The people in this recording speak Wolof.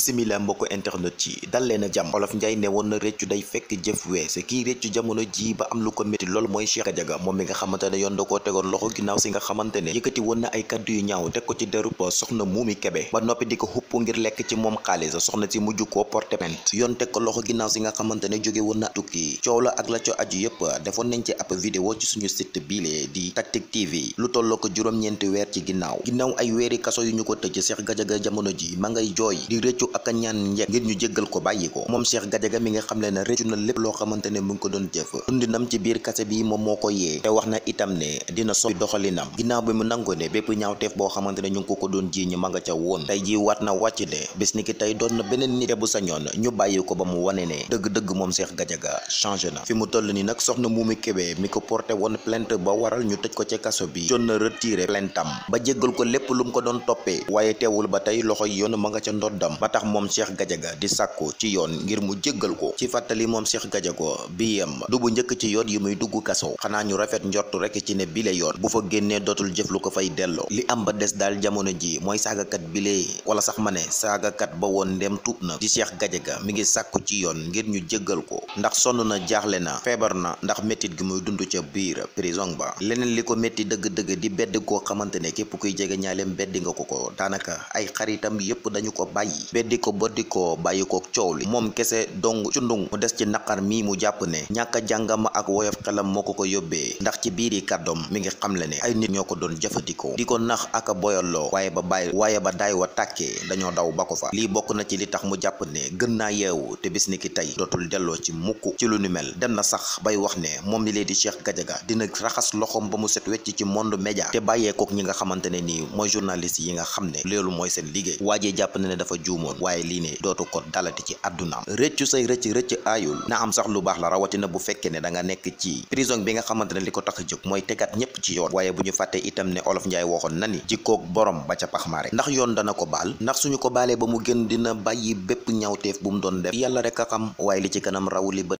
bisimila mbokk internet yi dal leen a jàmm olof njaay ne woon na réccu day fekk jëf wees kii réccu jamono ji ba am lu ko métti loolu mooy Cheikh Gadiaga moom mi nga xamante ne yoon da koo tegoon loxo ginnaaw si nga xamante ne na ay kaddu yu ko ci derub soxna yoon teg ko loxo ginnaaw si nga xamante ne jóge woon na tukki coow la ak la co aju yëpp defoon nañ ci ab vidéo ci suñu site biile di lu tolloo ko juróom-ñeenti weer ci ginnaaw ginnaaw ay weeri kaso yu ñu ko tëj Cheikh Gadiaga jamono ji ma ngay jooy di réccu ak a ñaan njekk ngir ñu jëggal ko bàyyi ko moom Cheikh Gadiaga mi nga xam le ne réccu na lépp loo xamante ne mu ngi ko doon jëf dundinam ci biir kase bi moom moo ko yee te wax na itam ne dina soppi doxalinam ginnaaw bi mu nangu ne bépp ñaawteef boo xamante ne ñu ngi ko ko doon jiiñ ma nga ca woon tey ji waat na wàcc ne bés tey doon na beneen nit bu sa ñoon ñu bàyyi ko ba mu wane ne dëgg-dëgg moom Cheikh Gadiaga changé na fi mu toll ni nag soxna Momy kebe mi ko porte woon plainte ba waral ñu tëj ko ci kaso bi jot na retiré plaintam ba jéggal ko lépp lu mu ko doon toppee waaye teewul ba tey loxo yoon ma nga ca ndoddam tax moom Cheikh Gadiaga di sàkku ci yoon ngir mu jéggal ko ci fàttali moom Cheikh Gadiaga bi yem du bu njëkk ci yoon yi muy dugg kaso xanaa ñu rafet njort rek ci ne bile yoon bu fa génnee dootul jëf lu ko fay delloo li am ba des daal jamono ji mooy saagakat bile wala sax ma ne saagakat ba woon ndem tuub na di Cheikh Gadiaga mi ngi sàkku ci yoon ngir ñu jéggal ko ndax sonn na jaaxle na feebar na ndax méttit gi muy dund ca biir prison ba leneen li ko métti dëgg-dëgg di bedd koo xamante ne képp kuy jege ñaaleem beddi nga ko ko daanaka ay xaritam beddi ko boddi ko bàyyi ko coow li moom kese dong cundung mu ci naqar mi mu jàpp ne ñàkk jàngama ak woyof xelam moo ko ko yóbbee ndax ci biiri kàddoom mi ngi xamle ne ay nit ñoo ko doon jëfandikoo di nax ak a waaye ba bàyyi waaye ba daay wa tàkkee dañoo daw ba ko fa lii bokk na ci li tax mu jàpp ne gën naa yeewu te bis ni ki tey dootul delloo ci mukk ci lu ni mel dem na sax bay wax ne moom mi lee di Cheikh Gadiaga dina raxas loxoom ba mu set wecc ci monde média te bàyyeekook ñi nga xamante ne nii mooy journaliste yi nga xam ne loolu mooy seen liggéey waajee jàpp ne ne dafa juumoo amoon waaye lii ne dootu ko dalati ci àddunaam rëccu say rëcc rëcc aayul na am sax lu baax la rawatina bu fekkee ne da nga nekk ci prison bi nga xamante ne li ko tax a jóg mooy tegaat ñépp ci yoon waaye bu ñu fàtte itam ne olof njaay waxoon na ni jikkoog borom ba ca pax mare ndax yoon dana ko baal ndax suñu ko baalee ba mu gën dina bàyyi bépp ñawteef bu mu doon def yàlla rek a xam waaye li ci kanam raw li ba